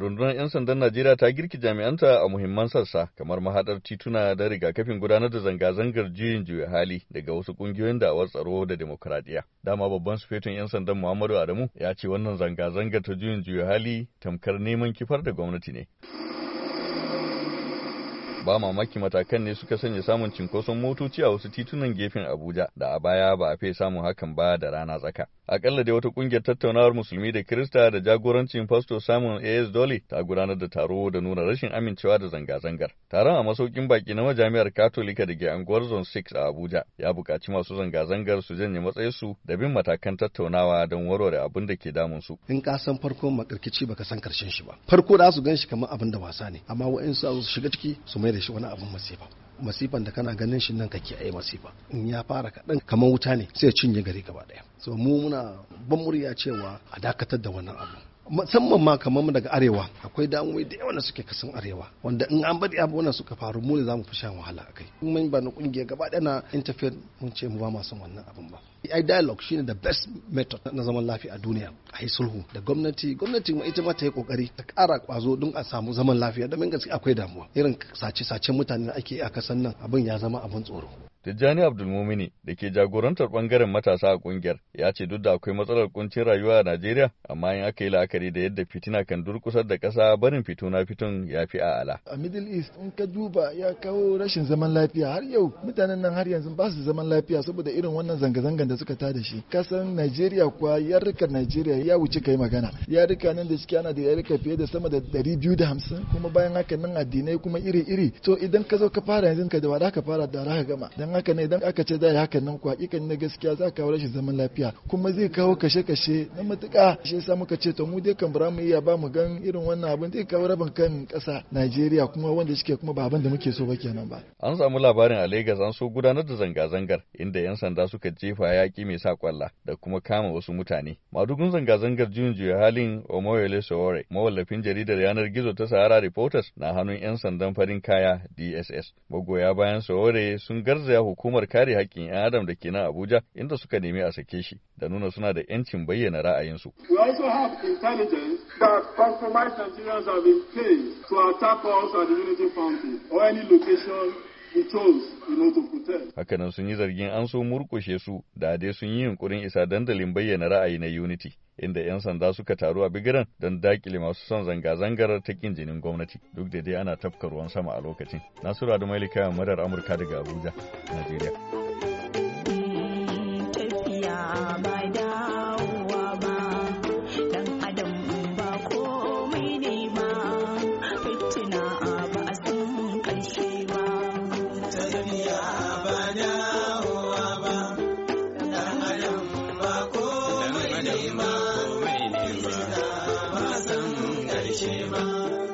Rundunar 'yan sandan Najeriya ta girki jami'anta a muhimman sassa kamar mahaɗar tituna da rigakafin gudanar da zanga-zangar juyin juya hali daga wasu ƙungiyoyin da'awar tsaro da demokuraɗiyya. Dama babban sufetin 'yan sandan Muhammadu Adamu ya ce wannan zanga-zangar ta juyin juya hali tamkar neman kifar da gwamnati ne. ba mamaki matakan ne suka sanya samun cinkoson motoci a wasu titunan gefen Abuja da a baya ba a fi samun hakan ba da rana tsaka. Akalla dai wata kungiyar tattaunawar musulmi da Kirista da jagorancin Fasto Samun AS Dole ta gudanar da taro da nuna rashin amincewa da zanga-zangar. Taron a masaukin baki na majami'ar Katolika da ke anguwar Zone 6 a Abuja ya buƙaci masu zanga-zangar su janye matsayinsu da bin matakan tattaunawa don warware abin da ke damun su. In ka san farkon makarkici baka san karshen shi ba. Farko da su gan shi kamar abin da wasa ne amma wa'insu su shiga ciki su mai da shi wani abin masifa masifan da kana ganin shi nan kake ai masifa in ya fara kaɗan kamar wuta ne sai ya cinye gari gaba ɗaya so mu muna ban murya cewa a dakatar da wannan abu musamman ma kamar mu daga arewa akwai damuwa da yawa suke kasan arewa wanda in an bari wannan suka faru mu ne zamu mu fi shan wahala a kai mun ba na kungiya gaba ɗaya na interfere mun ce mu ba masu wannan abin ba ai dialogue shine the best method na zaman lafiya a duniya a sulhu da gwamnati gwamnati ma ita ma ta yi kokari ta kara kwazo don a samu zaman lafiya da domin gaske akwai damuwa irin sace sace mutane da ake a kasan nan abin ya zama abin tsoro Tijjani Abdulmumini da ke jagorantar bangaren matasa a kungiyar ya ce duk da akwai matsalar kuncin rayuwa a Najeriya amma in aka yi la'akari da yadda fitina kan durkusar da kasa barin fituna na fiton ya fi ala. A Middle East in ka duba ya kawo rashin zaman lafiya har yau mutanen nan har yanzu ba su zaman lafiya saboda irin wannan zanga-zangan da suka ta da shi. Kasan Najeriya kuwa rika Najeriya ya wuce kai magana. rika nan da ciki ana da rika fiye da sama da ɗari biyu da hamsin kuma bayan haka nan addinai kuma iri-iri. To idan ka zo ka fara yanzu ka da wada ka fara da ka gama. haka ne idan aka ce za yi hakan nan ku hakikan na gaskiya za kawo rashin zaman lafiya kuma zai kawo kashe-kashe na matuƙa shi yasa muka ce to mu dai kan bara mu iya ba mu gan irin wannan abin zai kawo rabin kan ƙasa Najeriya kuma wanda suke kuma ba abin da muke so ba kenan ba. An samu labarin a lagos an so gudanar da zanga-zangar inda 'yan sanda suka jefa yaƙi mai sa kwalla da kuma kama wasu mutane. Madugun zanga-zangar juyin juya halin Omoyele Sowore mawallafin jaridar yanar gizo ta Sahara Reporters na hannun 'yan sandan farin kaya DSS. Magoya bayan Sowore sun garzaya hukumar kare hakkin 'yan adam da ke nan Abuja inda suka nemi a sake shi da nuna suna da 'yancin bayyana ra'ayinsu. We also have intelligence that compromised Nigerians have been paid to attack us at the Unity Fountain or any location Hakanan sun yi zargin an so murkushe su da dai sun yi yunkurin isa dandalin bayyana ra'ayi na Unity, inda 'yan sanda suka taru a bigiran don daƙile masu son zanga-zangar ta jinin gwamnati, duk da dai ana tafka ruwan sama a lokacin. Nasiru Adamaili kayan madar Amurka daga Abuja, Najeriya. 一起吗？